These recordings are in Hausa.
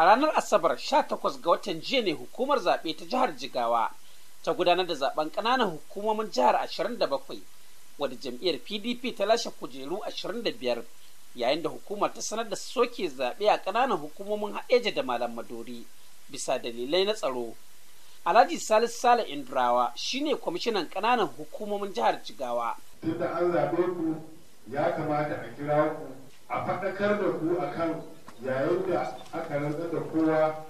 A ranar Asabar 18 ga watan jiya ne hukumar zaɓe ta jihar Jigawa ta gudanar da zaben ƙananan hukumomin jihar 27 wadda jam'iyyar PDP ta lashe kujeru 25 yayin da hukumar ta sanar da soke zaɓe a ƙananan hukumomin haɗeja da malam madori bisa dalilai na tsaro. Alhaji Salisu Sale Indrawa shine kwamishinan ƙananan hukumomin jihar Jigawa. Tunda an zaɓe ku ya kamata a kira ku a faɗakar da ku akan yayin da aka rantsar da kowa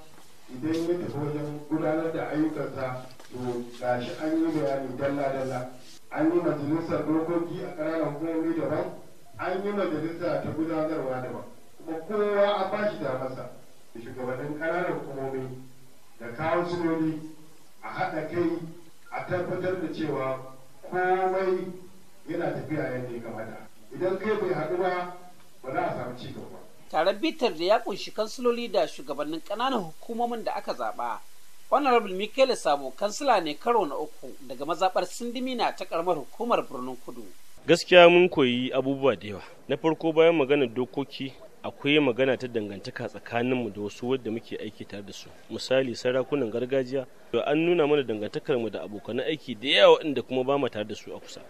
idan ya tafi wajen gudanar da ayyukansa to gashi an yi bayani dalla-dalla an yi majalisar dokoki a ƙananan hukumomi daban an yi majalisa ta gudanarwa daban kuma kowa a bashi da masa shugabannin ƙananan hukumomi da kawo kawunsiloli a haɗa kai a tabbatar da cewa komai yana tafiya yadda ya kamata idan kai bai haɗu ba ba za a samu cigaba taren bitar da ya kunshi kansiloli da shugabannin ƙananan hukumomin da aka zaɓa. honorable michael sabo kansila ne karo na uku daga mazaɓar sindimina ta ƙaramar hukumar birnin kudu gaskiya mun koyi abubuwa da yawa na farko bayan maganar dokoki akwai magana ta dangantaka tsakaninmu da wasu wadda muke aiki tare da su misali sarakunan gargajiya an nuna mana dangantakar mu da abokan aiki da yawa inda kuma ba mu tare da su a kusa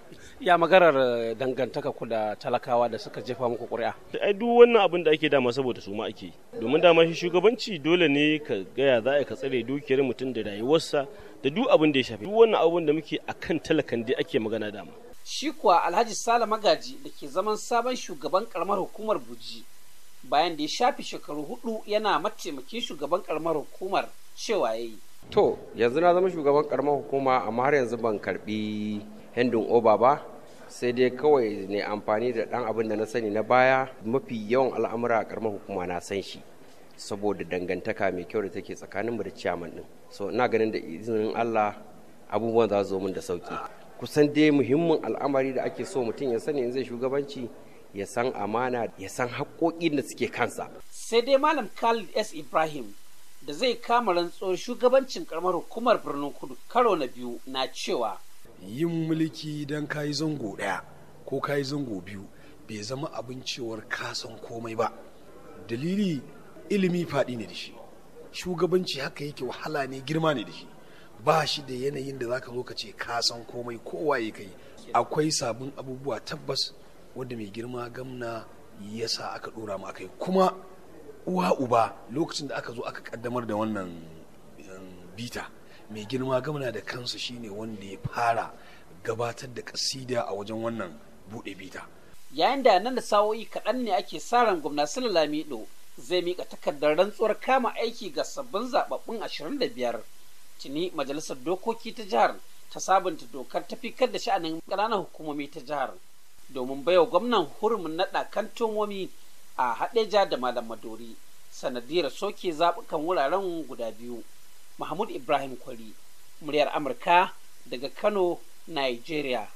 ya magarar eh, dangantaka ku da talakawa da suka jefa muku ƙuri'a ai duk wannan abin da ake dama saboda su ma ake domin dama shi shugabanci dole ne ka gaya za ka tsare dukiyar mutum da rayuwarsa da duk abin da ya shafi duk wannan abin da muke akan talakan da ake magana dama shi kuwa alhaji sala magaji da ke zaman sabon shugaban karamar hukumar buji bayan da ya shafi shekaru hudu yana mataimakin shugaban karamar hukumar cewa ya yi. To, yanzu na zama shugaban karamar hukuma amma har yanzu ban karbi hendin oba ba, sai dai kawai ne amfani da dan abin da na sani na baya mafi yawan al'amura a karamar hukuma na san shi. saboda dangantaka mai kyau da take tsakanin mu da ciyaman din so ina ganin da izinin Allah abubuwan za su zo min da sauki kusan dai muhimmin al'amari da ake so mutum ya sani in zai shugabanci ya san amana ya san haƙoƙin da suke kansa sai dai malam khalid s ibrahim da zai kama rantsuwar shugabancin karamar hukumar birnin kudu karo na biyu na cewa yin mulki don kayi zango ɗaya ko kayi zango biyu bai zama abin cewar kasan komai ba dalili ilimi faɗi ne da shi shugabanci haka yake wahala ne girma ne da shi ba shi da yanayin da za ka zo ka ce kasan komai kowa ya kai akwai sabon abubuwa tabbas wanda mai girma gamna ya sa aka dora mu akai kuma uwa uba lokacin da aka zo aka kaddamar da wannan um, bita mai girma gamna da kansa shine wanda ya fara gabatar da kasida a wajen wannan bude bita yayin da nan da sawoyi kaɗan ne ake sa ran gwamna lamido zai mika takardar rantsuwar kama aiki ga sabbin zababbun 25 tuni majalisar dokoki ta jihar ta sabunta dokar tafi kar da sha'anin ƙananan hukumomi ta jihar domin baiwa gwamnan hurumin naɗa kantomomi a haɗeja da malam madori sanadiyar soke zaɓukan wuraren guda biyu mahmud ibrahim kwari muryar amurka daga kano nigeria